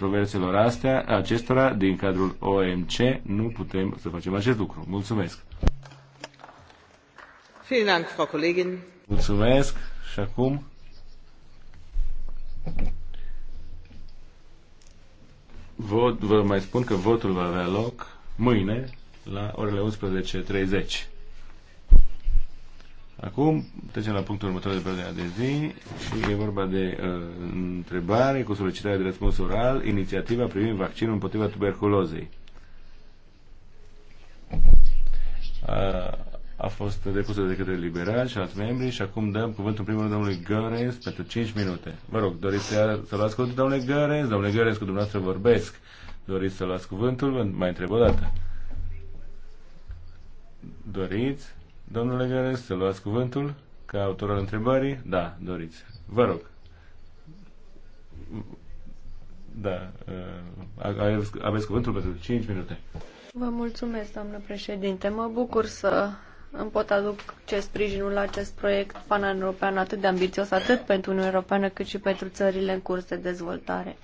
controverselor astea, acestora din cadrul OMC nu putem să facem acest lucru. Mulțumesc! Mulțumesc și acum Vot, vă mai spun că votul va avea loc mâine la orele 11.30. Acum trecem la punctul următor de pe ordinea de zi și e vorba de uh, întrebare cu solicitare de răspuns oral, inițiativa privind vaccinul împotriva tuberculozei. A, a fost depusă de către liberali și alți membri și acum dăm cuvântul în primul rând domnului Gărens pentru 5 minute. Vă rog, doriți să, să luați cuvântul domnule Gărens? Domnule Gărens, cu dumneavoastră vorbesc. Doriți să luați cuvântul? Mai întreb o dată. Doriți? Domnule Gărăs, să luați cuvântul ca autor al întrebării? Da, doriți. Vă rog. Da, uh, aveți cuvântul pentru 5 minute. Vă mulțumesc, doamnă președinte. Mă bucur să îmi pot aduce sprijinul la acest proiect pan-european atât de ambițios, atât pentru Uniunea Europeană, cât și pentru țările în curs de dezvoltare.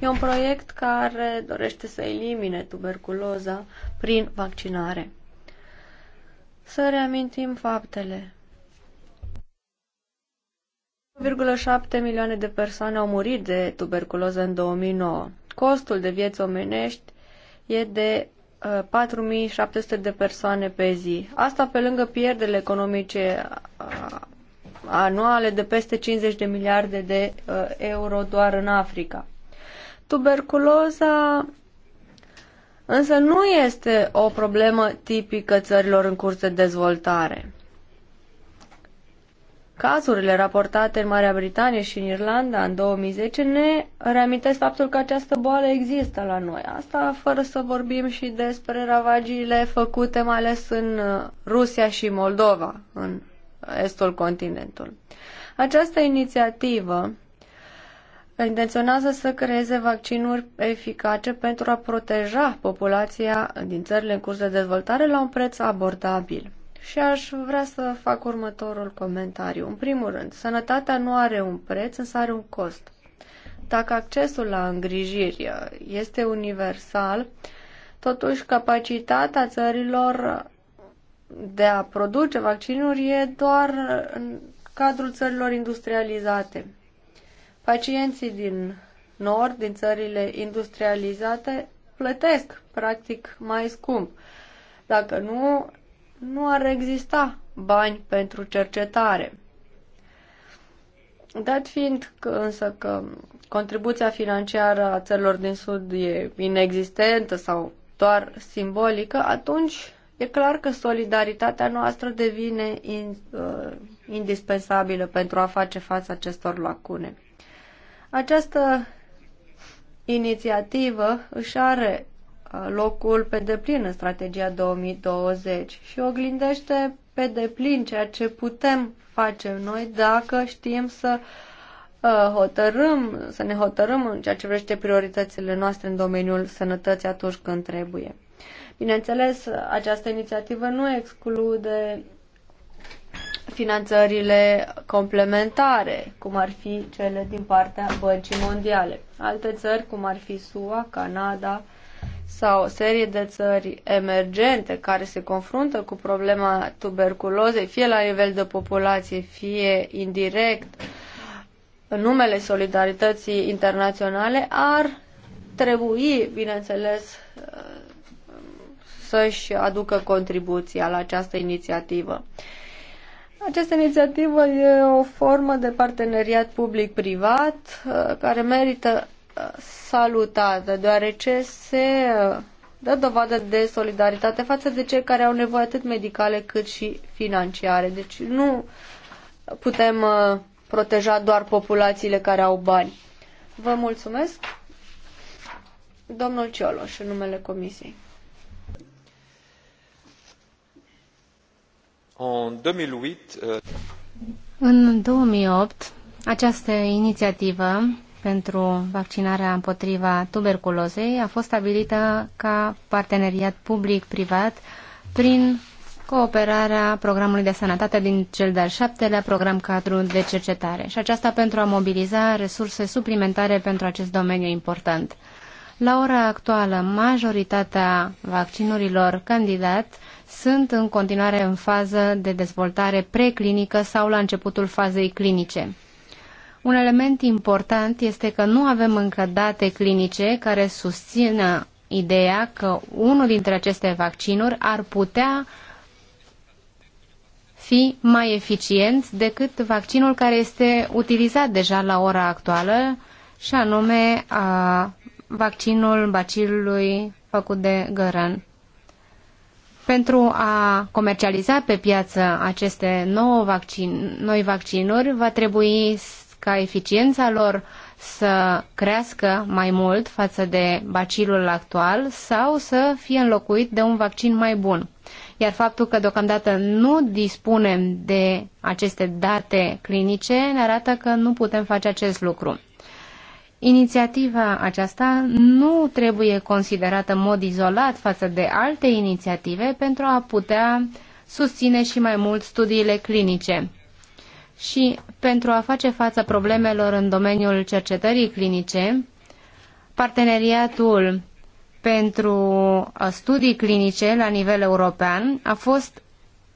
E un proiect care dorește să elimine tuberculoza prin vaccinare să reamintim faptele. 1,7 milioane de persoane au murit de tuberculoză în 2009. Costul de vieți omenești e de 4700 uh, de persoane pe zi. Asta pe lângă pierderile economice uh, anuale de peste 50 de miliarde de uh, euro doar în Africa. Tuberculoza însă nu este o problemă tipică țărilor în curs de dezvoltare. Cazurile raportate în Marea Britanie și în Irlanda în 2010 ne reamintesc faptul că această boală există la noi. Asta fără să vorbim și despre ravagiile făcute mai ales în uh, Rusia și Moldova, în uh, estul continentului. Această inițiativă intenționează să creeze vaccinuri eficace pentru a proteja populația din țările în curs de dezvoltare la un preț abordabil. Și aș vrea să fac următorul comentariu. În primul rând, sănătatea nu are un preț, însă are un cost. Dacă accesul la îngrijiri este universal, totuși capacitatea țărilor de a produce vaccinuri e doar în cadrul țărilor industrializate. Pacienții din nord, din țările industrializate, plătesc practic mai scump. Dacă nu, nu ar exista bani pentru cercetare. Dat fiind că, însă că contribuția financiară a țărilor din Sud e inexistentă sau doar simbolică, atunci e clar că solidaritatea noastră devine in, uh, indispensabilă pentru a face față acestor lacune. Această inițiativă își are uh, locul pe deplin în strategia 2020 și oglindește pe deplin ceea ce putem face noi dacă știm să uh, hotărâm, să ne hotărâm în ceea ce vrește prioritățile noastre în domeniul sănătății atunci când trebuie. Bineînțeles, această inițiativă nu exclude finanțările complementare, cum ar fi cele din partea Băncii Mondiale. Alte țări, cum ar fi SUA, Canada sau o serie de țări emergente care se confruntă cu problema tuberculozei, fie la nivel de populație, fie indirect, în numele solidarității internaționale, ar trebui, bineînțeles, să-și aducă contribuția la această inițiativă. Această inițiativă e o formă de parteneriat public-privat uh, care merită uh, salutată, deoarece se uh, dă dovadă de solidaritate față de cei care au nevoie atât medicale cât și financiare. Deci nu putem proteja doar populațiile care au bani. Vă mulțumesc. Domnul Cioloș, în numele Comisiei. În 2008, această inițiativă pentru vaccinarea împotriva tuberculozei a fost stabilită ca parteneriat public-privat prin cooperarea programului de sănătate din cel de-al șaptelea program cadru de cercetare și aceasta pentru a mobiliza resurse suplimentare pentru acest domeniu important. La ora actuală, majoritatea vaccinurilor candidat sunt în continuare în fază de dezvoltare preclinică sau la începutul fazei clinice. Un element important este că nu avem încă date clinice care susțină ideea că unul dintre aceste vaccinuri ar putea fi mai eficient decât vaccinul care este utilizat deja la ora actuală, și anume a, vaccinul bacilului făcut de Găran. Pentru a comercializa pe piață aceste nouă vaccin, noi vaccinuri, va trebui ca eficiența lor să crească mai mult față de bacilul actual sau să fie înlocuit de un vaccin mai bun. Iar faptul că deocamdată nu dispunem de aceste date clinice ne arată că nu putem face acest lucru. Inițiativa aceasta nu trebuie considerată în mod izolat față de alte inițiative pentru a putea susține și mai mult studiile clinice. Și pentru a face față problemelor în domeniul cercetării clinice, parteneriatul pentru uh, studii clinice la nivel european a fost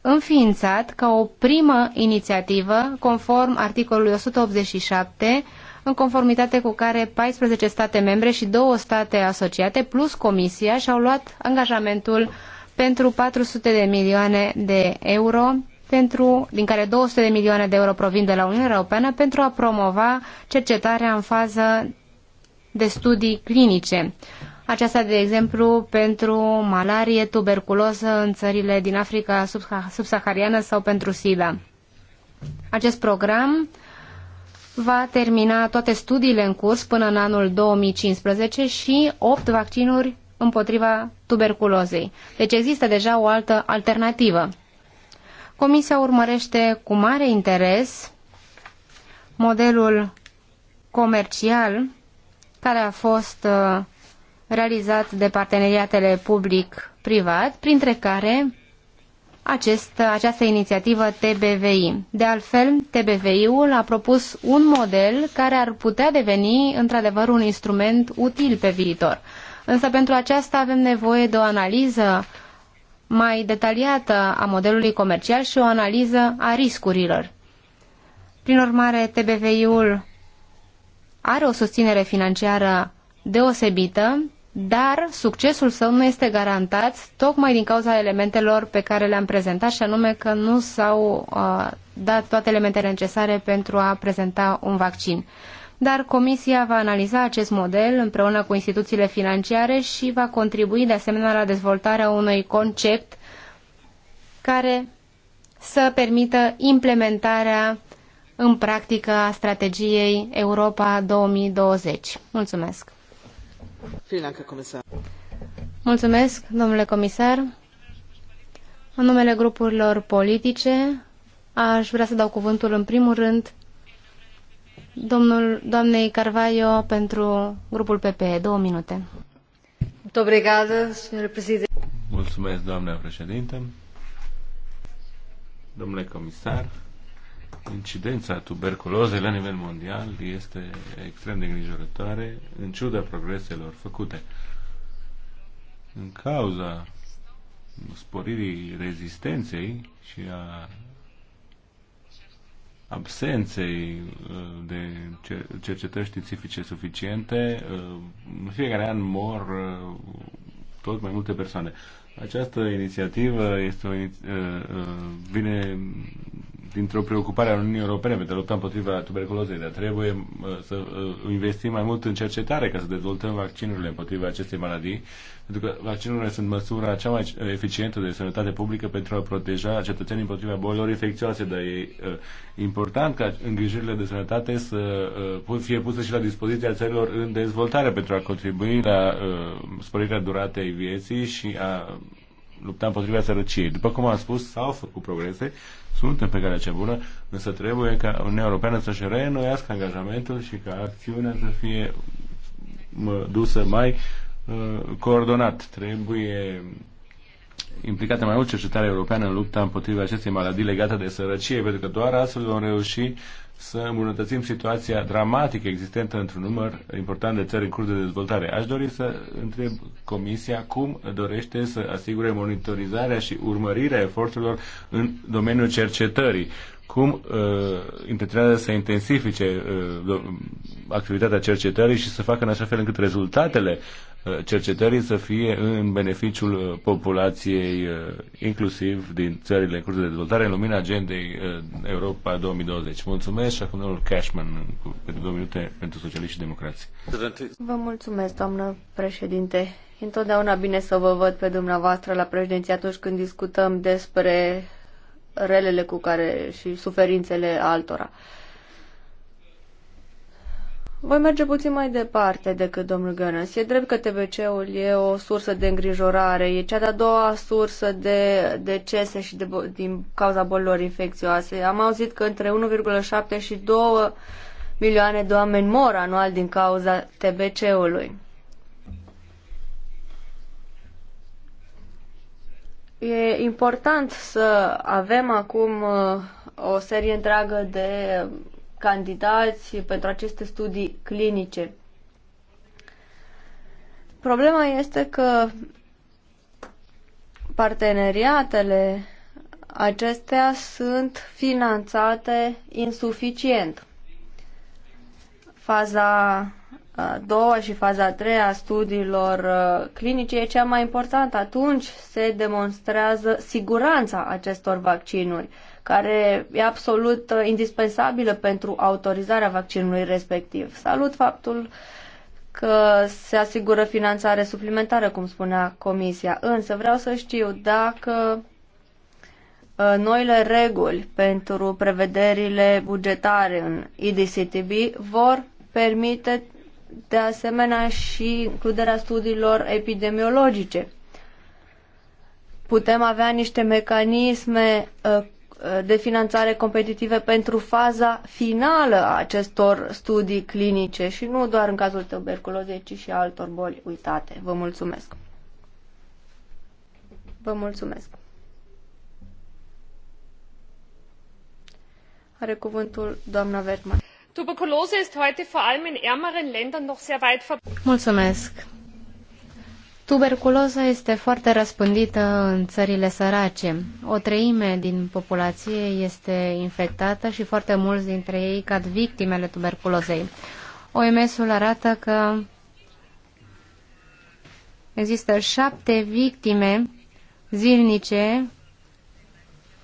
înființat ca o primă inițiativă conform articolului 187 în conformitate cu care 14 state membre și două state asociate, plus Comisia, și-au luat angajamentul pentru 400 de milioane de euro, pentru, din care 200 de milioane de euro provin de la Uniunea Europeană, pentru a promova cercetarea în fază de studii clinice. Aceasta, de exemplu, pentru malarie, tuberculoză în țările din Africa subsahariană sau pentru SIDA. Acest program va termina toate studiile în curs până în anul 2015 și 8 vaccinuri împotriva tuberculozei. Deci există deja o altă alternativă. Comisia urmărește cu mare interes modelul comercial care a fost uh, realizat de parteneriatele public-privat, printre care acest, această inițiativă TBVI. De altfel, TBVI-ul a propus un model care ar putea deveni într-adevăr un instrument util pe viitor. Însă pentru aceasta avem nevoie de o analiză mai detaliată a modelului comercial și o analiză a riscurilor. Prin urmare, TBVI-ul are o susținere financiară deosebită dar succesul său nu este garantat tocmai din cauza elementelor pe care le-am prezentat și anume că nu s-au uh, dat toate elementele necesare pentru a prezenta un vaccin. Dar Comisia va analiza acest model împreună cu instituțiile financiare și va contribui de asemenea la dezvoltarea unui concept care să permită implementarea în practică a strategiei Europa 2020. Mulțumesc! Mulțumesc, domnule comisar. În numele grupurilor politice, aș vrea să dau cuvântul în primul rând domnul, doamnei Carvaio pentru grupul PPE. Două minute. Mulțumesc, doamnă președinte. Domnule comisar, incidența tuberculozei la nivel mondial este extrem de îngrijorătoare în ciuda progreselor făcute. În cauza sporirii rezistenței și a absenței uh, de cercetări științifice suficiente, uh, în fiecare an mor uh, tot mai multe persoane. Această inițiativă este o, vine dintr-o preocupare a Uniunii Europene pentru a lupta împotriva tuberculozei, dar trebuie uh, să uh, investim mai mult în cercetare ca să dezvoltăm vaccinurile împotriva acestei maladii, pentru că vaccinurile sunt măsura cea mai eficientă de sănătate publică pentru a proteja cetățenii împotriva bolilor infecțioase, dar e uh, important ca îngrijirile de sănătate să fie puse și la dispoziția țărilor în dezvoltare pentru a contribui la sporirea duratei vieții și a lupta împotriva sărăciei. După cum am spus, s-au făcut progrese, suntem pe calea cea bună, însă trebuie ca Uniunea Europeană să-și reînnoiască angajamentul și ca acțiunea să fie dusă mai uh, coordonat. Trebuie implicată mai mult cercetarea europeană în lupta împotriva acestei maladii legate de sărăcie, pentru că doar astfel vom reuși să îmbunătățim situația dramatică existentă într-un număr important de țări în curs de dezvoltare. Aș dori să întreb Comisia cum dorește să asigure monitorizarea și urmărirea eforturilor în domeniul cercetării. Cum uh, intenționează să intensifice uh, activitatea cercetării și să facă în așa fel încât rezultatele cercetării să fie în beneficiul uh, populației, uh, inclusiv din țările în curs de dezvoltare, în lumina agendei uh, Europa 2020. Mulțumesc și acum domnul Cashman, pentru două minute, pentru socialiști și democrații. Vă mulțumesc, doamnă președinte. Întotdeauna bine să vă văd pe dumneavoastră la președinție atunci când discutăm despre relele cu care și suferințele altora. Voi merge puțin mai departe decât domnul Gănăs. E drept că TBC-ul e o sursă de îngrijorare, e cea de-a doua sursă de decese și de, din cauza bolilor infecțioase. Am auzit că între 1,7 și 2 milioane de oameni mor anual din cauza TBC-ului. E important să avem acum uh, o serie întreagă de candidați pentru aceste studii clinice. Problema este că parteneriatele acestea sunt finanțate insuficient. Faza a doua și faza a treia studiilor clinice e cea mai importantă. Atunci se demonstrează siguranța acestor vaccinuri care e absolut uh, indispensabilă pentru autorizarea vaccinului respectiv. Salut faptul că se asigură finanțare suplimentară, cum spunea Comisia, însă vreau să știu dacă uh, noile reguli pentru prevederile bugetare în IDCTB vor permite de asemenea și includerea studiilor epidemiologice. Putem avea niște mecanisme uh, Eh, de finanțare competitive pentru faza finală a acestor studii clinice și nu doar în cazul tuberculozei, ci și altor boli uitate. Vă mulțumesc! Vă mulțumesc! Are cuvântul doamna Wertmann. Tuberculoza este heute vor allem in ärmeren Ländern noch sehr weit verbreitet. Mulțumesc! Tuberculoza este foarte răspândită în țările sărace. O treime din populație este infectată și foarte mulți dintre ei cad victimele tuberculozei. OMS-ul arată că există șapte victime zilnice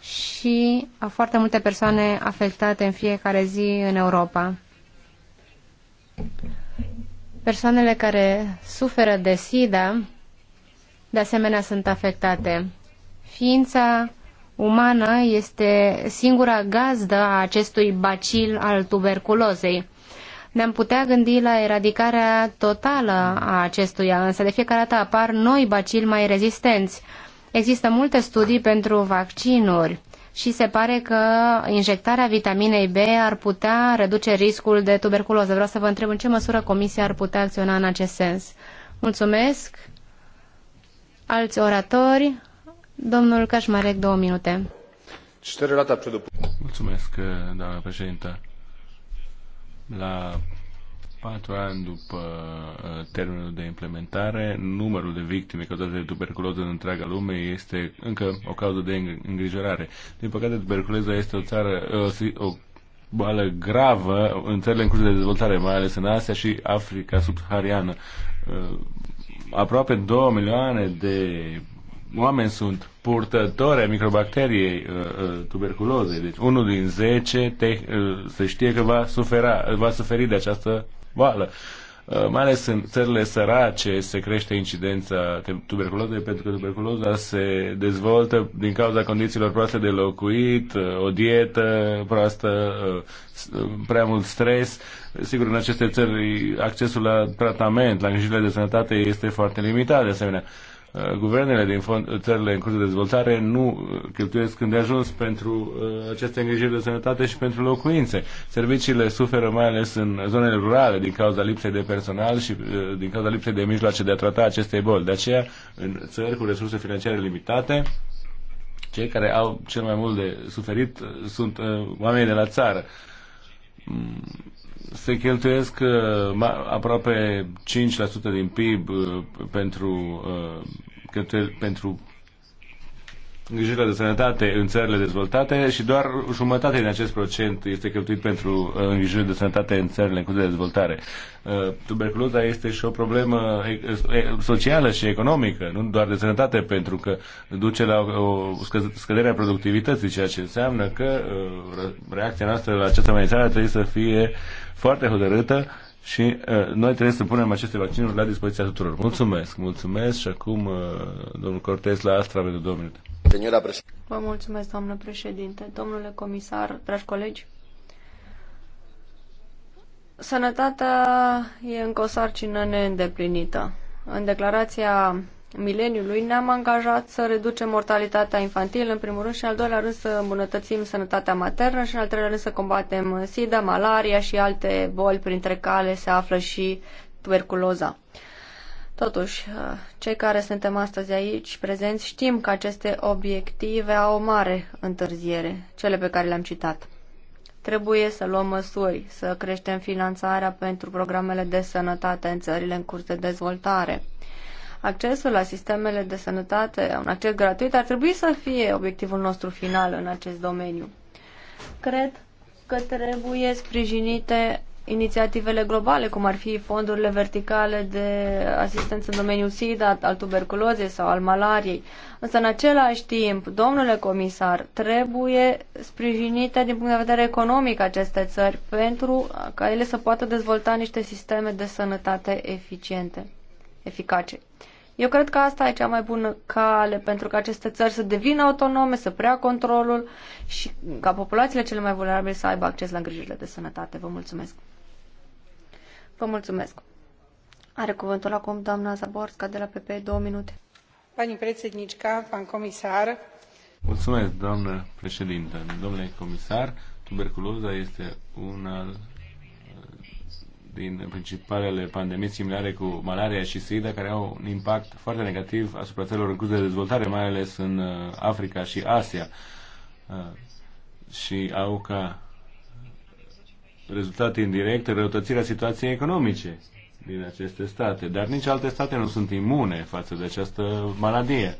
și foarte multe persoane afectate în fiecare zi în Europa. Persoanele care suferă de SIDA de asemenea sunt afectate. Ființa umană este singura gazdă a acestui bacil al tuberculozei. Ne-am putea gândi la eradicarea totală a acestuia, însă de fiecare dată apar noi bacili mai rezistenți. Există multe studii pentru vaccinuri și se pare că injectarea vitaminei B ar putea reduce riscul de tuberculoză. Vreau să vă întreb în ce măsură Comisia ar putea acționa în acest sens. Mulțumesc! alți oratori. Domnul Cașmarec, două minute. Mulțumesc, eh, doamna președintă. La patru ani după eh, termenul de implementare, numărul de victime cauzate de tuberculoză în întreaga lume este încă o cauză de îngrijorare. Din păcate, tuberculoza este o țară, eh, o, o boală gravă în țările în curs de dezvoltare, mai ales în Asia și Africa subsahariană aproape 2 milioane de oameni sunt purtători ai microbacteriei uh, uh tuberculozei. Deci unul din 10 te, uh, se știe că va, sufera, va suferi de această boală. Uh, Uh, mai ales în țările sărace se crește incidența tuberculozei pentru că tuberculoza se dezvoltă din cauza condițiilor proaste de locuit, uh, o dietă proastă, uh, prea mult stres. Sigur, în aceste țări accesul la tratament, la îngrijirile de sănătate este foarte limitat de asemenea. Uh, guvernele din fond, țările în curs de dezvoltare nu uh, cheltuiesc când de ajuns pentru uh, aceste îngrijiri de sănătate și pentru locuințe. Serviciile suferă mai ales în zonele rurale din cauza lipsei de personal și din cauza lipsei de mijloace de a trata aceste boli. De aceea, în țări cu resurse financiare limitate, cei care au cel mai mult de suferit sunt oamenii de la țară mm, se cheltuiesc uh, aproape 5% din PIB uh, pentru, uh, pentru îngrijirile de sănătate în țările dezvoltate și doar jumătate din acest procent este cheltuit pentru uh, îngrijirile de sănătate în țările în curs de dezvoltare. Uh, tuberculoza este și o problemă socială și economică, nu doar de sănătate, pentru că duce la o scădere a productivității, ceea ce înseamnă că uh, reacția noastră la această amenințare trebuie să fie foarte hotărâtă și uh, noi trebuie să punem aceste vaccinuri la dispoziția tuturor. Mulțumesc, mulțumesc și acum uh, domnul Cortez la Astra pentru două minute. Vă mulțumesc, doamnă președinte. Domnule comisar, dragi colegi, sănătatea e încă o sarcină neîndeplinită. În declarația mileniului ne-am angajat să reducem mortalitatea infantilă, în primul rând, și în al doilea rând să îmbunătățim sănătatea maternă și în al treilea rând să combatem sida, malaria și alte boli, printre care se află și tuberculoza. Totuși, uh, cei care suntem astăzi aici prezenți știm că aceste obiective au o mare întârziere, cele pe care le-am citat. Trebuie să luăm măsuri, să creștem finanțarea pentru programele de sănătate în țările în curs de dezvoltare. Accesul la sistemele de sănătate, un acces gratuit, ar trebui să fie obiectivul nostru final în acest domeniu. Cred că trebuie sprijinite inițiativele globale, cum ar fi fondurile verticale de asistență în domeniul SIDA, al tuberculozei sau al malariei. Însă, în același timp, domnule comisar, trebuie sprijinite din punct de vedere economic aceste țări pentru ca ele să poată dezvolta niște sisteme de sănătate eficiente, eficace. Eu cred că asta e cea mai bună cale pentru că aceste țări să devină autonome, să preia controlul și ca populațiile cele mai vulnerabile să aibă acces la îngrijirile de sănătate. Vă mulțumesc! Vă mulțumesc. Are cuvântul acum doamna Zaborska de la PP, două minute. Pani predsednička, pan comisar. Mulțumesc, doamnă președintă. Domnule comisar, tuberculoza este una din principalele pandemii similare cu malaria și SIDA, care au un impact foarte negativ asupra țărilor în curs de dezvoltare, mai ales în uh, Africa și Asia. Uh, și au ca rezultat indirect răutățirea situației economice din aceste state, dar nici alte state nu sunt imune față de această maladie.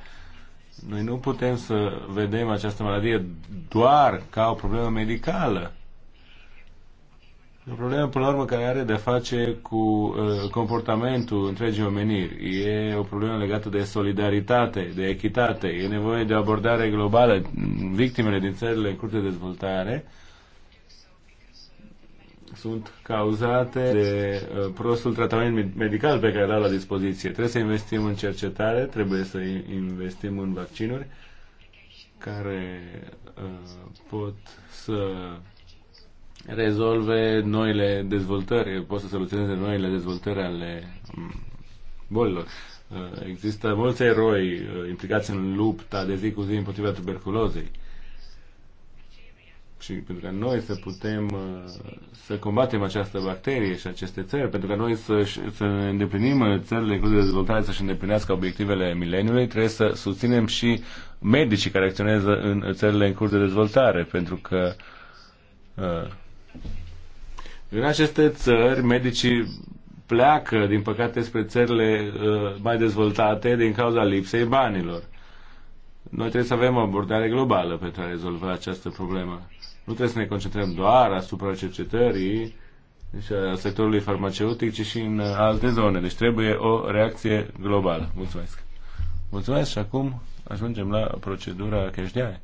Noi nu putem să vedem această maladie doar ca o problemă medicală. E o problemă, până la urmă, care are de face cu uh, comportamentul întregii omeniri. E o problemă legată de solidaritate, de echitate. E nevoie de o abordare globală. Victimele din țările în curte de dezvoltare uh, sunt cauzate de uh, prostul tratament medical pe care l-au la dispoziție. Trebuie să investim în cercetare, trebuie să investim în vaccinuri care uh, pot să rezolve noile dezvoltări, pot să soluționeze noile dezvoltări ale mm, bolilor. Uh, există mulți eroi implicați în lupta de zi cu zi împotriva tuberculozei și pentru ca noi să putem uh, să combatem această bacterie și aceste țări, pentru ca noi să, să îndeplinim uh, țările în curs de dezvoltare să-și îndeplinească obiectivele mileniului, trebuie să susținem și medicii care acționează în țările în curs de dezvoltare, pentru că uh, în aceste țări medicii pleacă, din păcate, spre țările mai dezvoltate din cauza lipsei banilor. Noi trebuie să avem o abordare globală pentru a rezolva această problemă. Nu trebuie să ne concentrăm doar asupra cercetării și a sectorului farmaceutic, ci și în alte zone. Deci trebuie o reacție globală. Mulțumesc! Mulțumesc și acum ajungem la procedura cheșdeaie.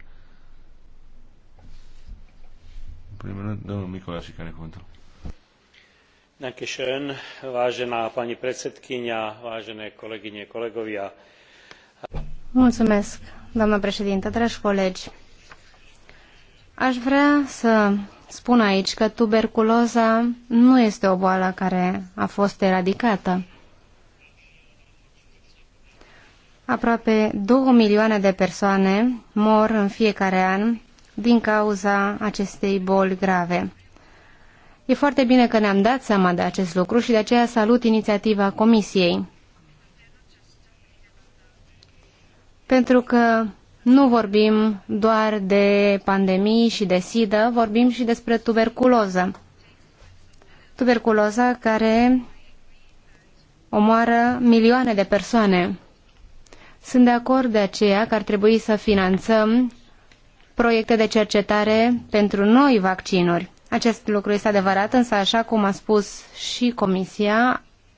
În primul rând, domnul și care cuvântul. Ďakujem, vážená pani predsedkynia, vážené kolegyne, kolegovia. Mulțumesc, doamnă președintă, dragi colegi. Aș vrea să spun aici că tuberculoza nu este o boală care a fost eradicată. Aproape 2 milioane de persoane mor în fiecare an din cauza acestei boli grave. E foarte bine că ne-am dat seama de acest lucru și de aceea salut inițiativa Comisiei. Pentru că nu vorbim doar de pandemii și de sidă, vorbim și despre tuberculoză. Tuberculoza care omoară milioane de persoane. Sunt de acord de aceea că ar trebui să finanțăm proiecte de cercetare pentru noi vaccinuri. Acest lucru este adevărat, însă, așa cum a spus și Comisia,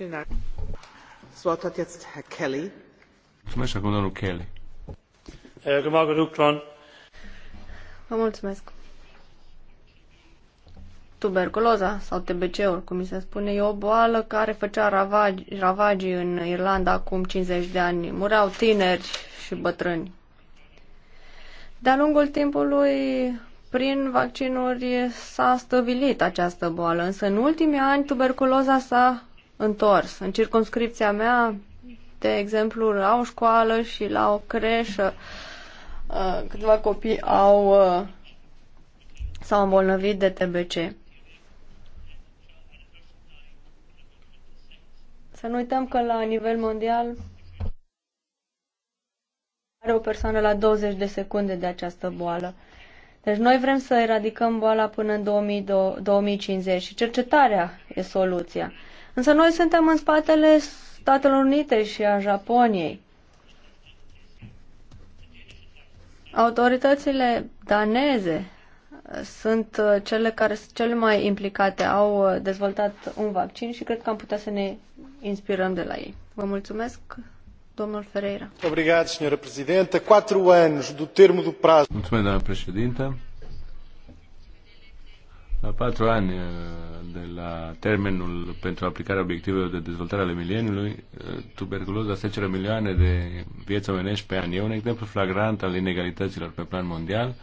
Äh, Vă mulțumesc. Tuberculoza sau TBC-ul, cum mi se spune, e o boală care făcea ravagi, ravagii în Irlanda acum 50 de ani. Mureau tineri și bătrâni. De-a lungul timpului, prin vaccinuri s-a stăvilit această boală, însă în ultimii ani tuberculoza s-a întors. În circumscripția mea, de exemplu, la o școală și la o creșă, uh, câteva copii au uh, s-au îmbolnăvit de TBC. Să nu uităm că la nivel mondial are o persoană la 20 de secunde de această boală. Deci noi vrem să eradicăm boala până în 2050 și cercetarea e soluția. Însă noi suntem în spatele Statelor Unite și a Japoniei. Autoritățile daneze sunt uh, cele care sunt cele mai implicate, au uh, dezvoltat un vaccin și cred că am putea să ne inspirăm de la ei. Vă mulțumesc, domnul Ferreira. Obrigat, do termo do prazo. Mulțumesc, doamnă președintă. La patru ani uh, de la termenul pentru aplicarea obiectivelor de dezvoltare ale mileniului, uh, tuberculoza cere milioane de vieți omenești pe an. E un exemplu flagrant al inegalităților pe plan mondial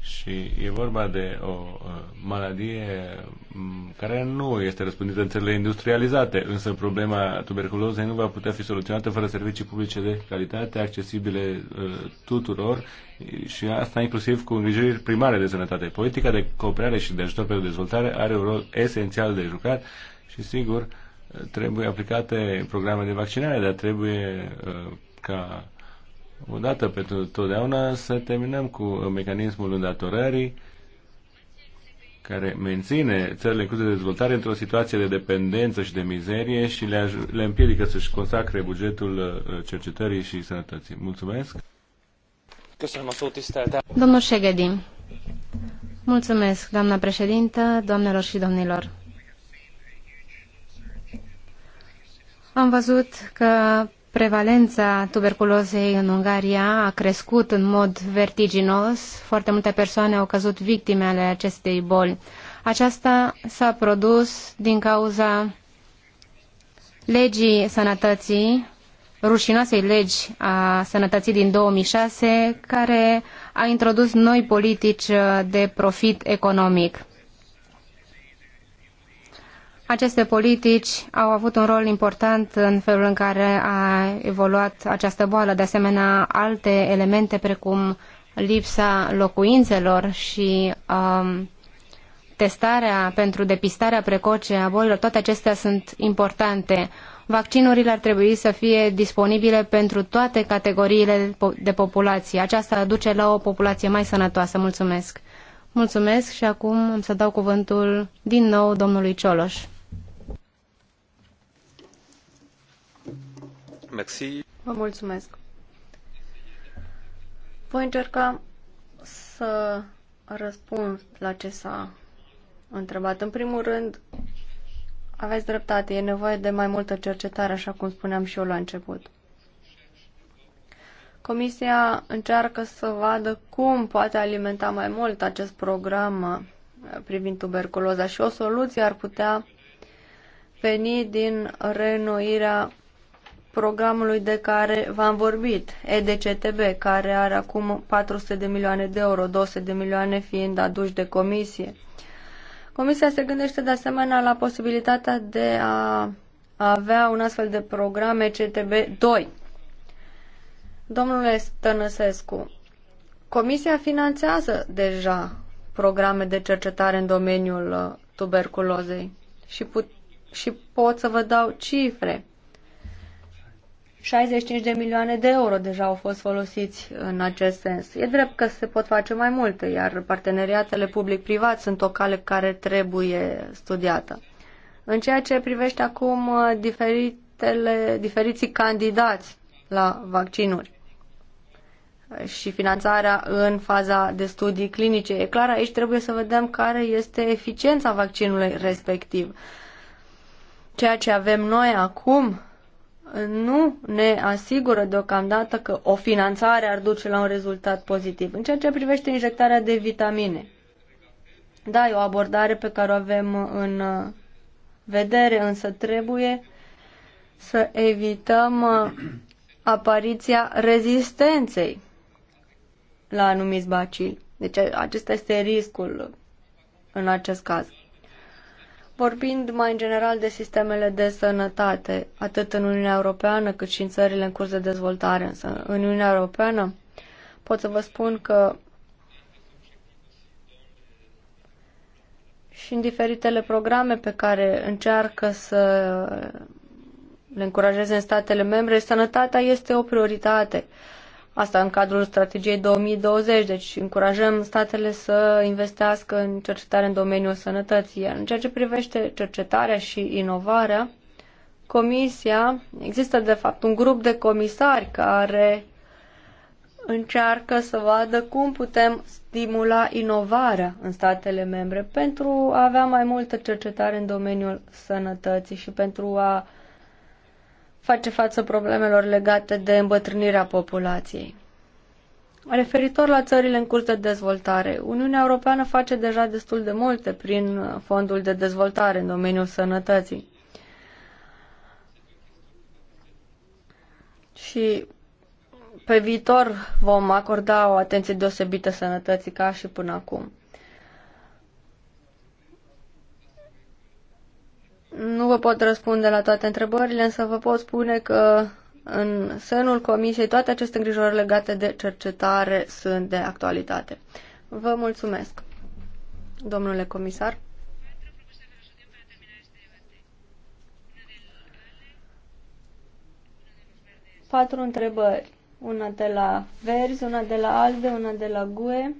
și e vorba de o uh, maladie mm, care nu este răspândită în țările industrializate, însă problema tuberculozei nu va putea fi soluționată fără servicii publice de calitate accesibile uh, tuturor și asta inclusiv cu îngrijiri primare de sănătate. Politica de cooperare și de ajutor pentru dezvoltare are un rol esențial de jucat și sigur trebuie aplicate programe de vaccinare, dar trebuie uh, ca odată pentru totdeauna să terminăm cu mecanismul îndatorării care menține țările în curs de dezvoltare într-o situație de dependență și de mizerie și le, le împiedică să-și consacre bugetul uh, cercetării și sănătății. Mulțumesc! Domnul Șegedin, mulțumesc, doamna președintă, doamnelor și domnilor. Am văzut că Prevalența tuberculozei în Ungaria a crescut în mod vertiginos. Foarte multe persoane au căzut victime ale acestei boli. Aceasta s-a produs din cauza legii sănătății, rușinoasei legi a sănătății din 2006, care a introdus noi politici de profit economic. Aceste politici au avut un rol important în felul în care a evoluat această boală, de asemenea alte elemente precum lipsa locuințelor și um, testarea pentru depistarea precoce a bolilor, toate acestea sunt importante. Vaccinurile ar trebui să fie disponibile pentru toate categoriile de populație. Aceasta duce la o populație mai sănătoasă. Mulțumesc! Mulțumesc și acum am să dau cuvântul din nou domnului Cioloș. mulțumesc. Voi încerca să răspund la ce s-a întrebat. În primul rând, aveți dreptate, e nevoie de mai multă cercetare, așa cum spuneam și eu la început. Comisia încearcă să vadă cum poate alimenta mai mult acest program uh, privind tuberculoza și o soluție ar putea veni din reînnoirea programului de care v-am vorbit, EDCTB, care are acum 400 de milioane de euro, 200 de milioane fiind aduși de comisie. Comisia se gândește de asemenea la posibilitatea de a avea un astfel de program ECTB 2. Domnule Stănăsescu, Comisia finanțează deja programe de cercetare în domeniul tuberculozei și, put- și pot să vă dau cifre. 65 de milioane de euro deja au fost folosiți în acest sens. E drept că se pot face mai multe, iar parteneriatele public-privat sunt o cale care trebuie studiată. În ceea ce privește acum uh, diferitele, diferiții candidați la vaccinuri și finanțarea în faza de studii clinice, e clar, aici trebuie să vedem care este eficiența vaccinului respectiv. Ceea ce avem noi acum nu ne asigură deocamdată că o finanțare ar duce la un rezultat pozitiv. În ceea ce privește injectarea de vitamine, da, e o abordare pe care o avem în vedere, însă trebuie să evităm uh, apariția rezistenței la anumiți bacili. Deci acesta este riscul în acest caz. Vorbind mai în general de sistemele de sănătate, atât în Uniunea Europeană cât și în țările în curs de dezvoltare, însă în Uniunea Europeană pot să vă spun că și în diferitele programe pe care încearcă să le încurajeze în statele membre, sănătatea este o prioritate. Uh, Asta în cadrul strategiei 2020, deci încurajăm statele să investească în cercetare în domeniul sănătății. Iar în ceea ce privește cercetarea și inovarea, Comisia, există de fapt un grup de comisari care încearcă să vadă cum putem stimula inovarea în statele membre pentru a avea mai multă cercetare în domeniul sănătății și pentru a uh, face față problemelor legate de îmbătrânirea populației. Referitor la țările în curs de dezvoltare, Uniunea Europeană face deja destul de multe prin fondul de dezvoltare în domeniul sănătății. Și pe viitor vom acorda o atenție deosebită sănătății ca și până acum. Nu vă pot răspunde la toate întrebările, însă vă pot spune că în sânul comisiei toate aceste îngrijorări legate de cercetare sunt de actualitate. Vă mulțumesc, domnule comisar. Patru întrebări. Una de la Verzi, una de la Alde, una de la GUE.